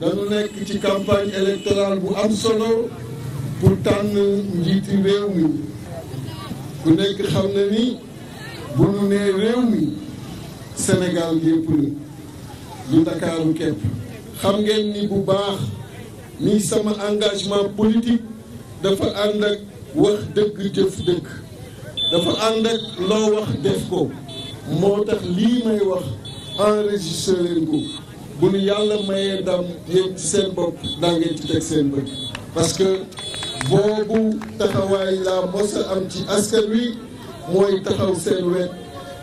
dañu nekk ci campagne électorale bu am solo pour tànn njiiti réew mi ku nekk xam na ni bu ñu nee réew mi senegal gépp la du Ndakaaru képp xam ngeen ni bu baax ni sama engagement politique dafa ànd ak wax dëgg jëf dëgg dafa ànd ak loo wax def ko moo tax lii may wax enregistré leen ko bu nu yàlla mayee dam yéen ci seen bopp daa ngeen ci teg seen bët parce que boobu taxawaay laa mos a am ci askan wi mooy taxaw seen wet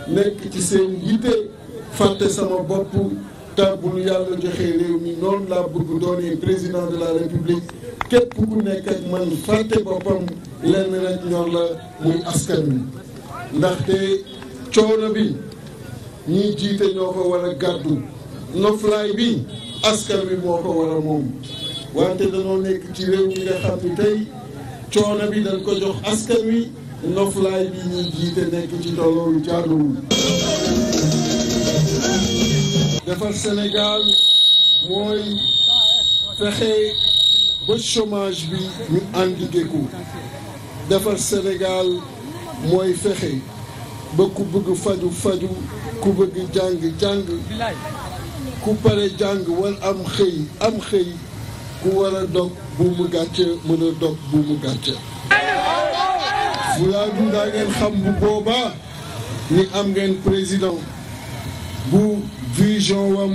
nekk ci seen yitte fàtte sama bopp te bu nu yàlla joxee réew mi noonu laa bëgg doonee président de la république képp ku nekk ak man fàtte boppam lenn rek ñor la muy askan wi ndaxte coono bi ñiy jiite ñoo ko war gàddu noflaay bi askan wi moo ko war a moom wante danoo nekk ci réew mi nga xam ni tey coono bi dañ ko jox askan wi noflaay bi ñuy jiite nekk ci tolloolu jaaduwul defar Sénégal mooy fexe ba chômage bi ñu endigué ko defar Sénégal mooy fexe ba ku bëgg faju faju ku bëgg jàng jàng ku pare jàng war am xëy am xëy ku wara dog bu mu gàcce mën a dog bu mu gàcce Fuladu daa ngeen xam bu boobaa ni am ngeen président bu vision wam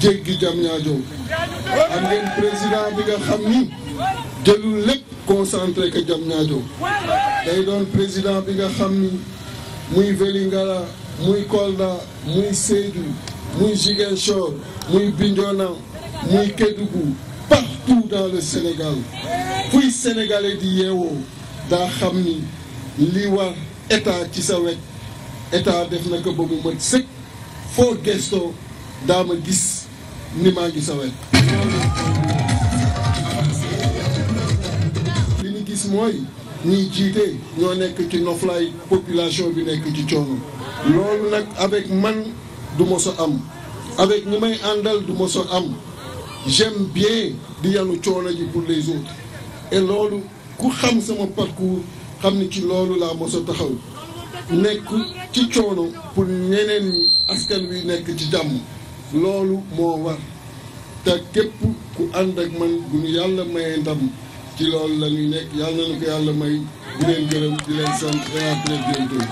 jéggi jam ñaajo am ngeen président bi nga xam ni jëlul lépp concentre que jam ñaajo day doon président bi nga xam ni muy Vélingara muy Kolda muy Sédhiou muy Ziguinchor muy Bignona muy Kédougou partout dans le Sénégal fuy sénégalais di yeewoo daa xam ni li war état ci sa wet état def na ko ba mu foo gestoo daa ma gis ni maa ngi sa wet li ñu gis mooy ñiy jiite ñoo nekk ci noflaay population bi nekk ci coono loolu nag avec man du mos am avec ñi may àndal du mos am j'aime bien di yanu coono ji pour les autres et loolu ku xam sama parcours xam ni ci loolu laa mos taxaw nekk ci coono pour ñeneen ñi askan wi nekk ci jàmm loolu moo war te képp ku ànd ak man bu ñu yàlla maye ndam ci loolu la ñuy nekk yàlla na ko yàlla may di leen gërëm leen sant di leen gërëm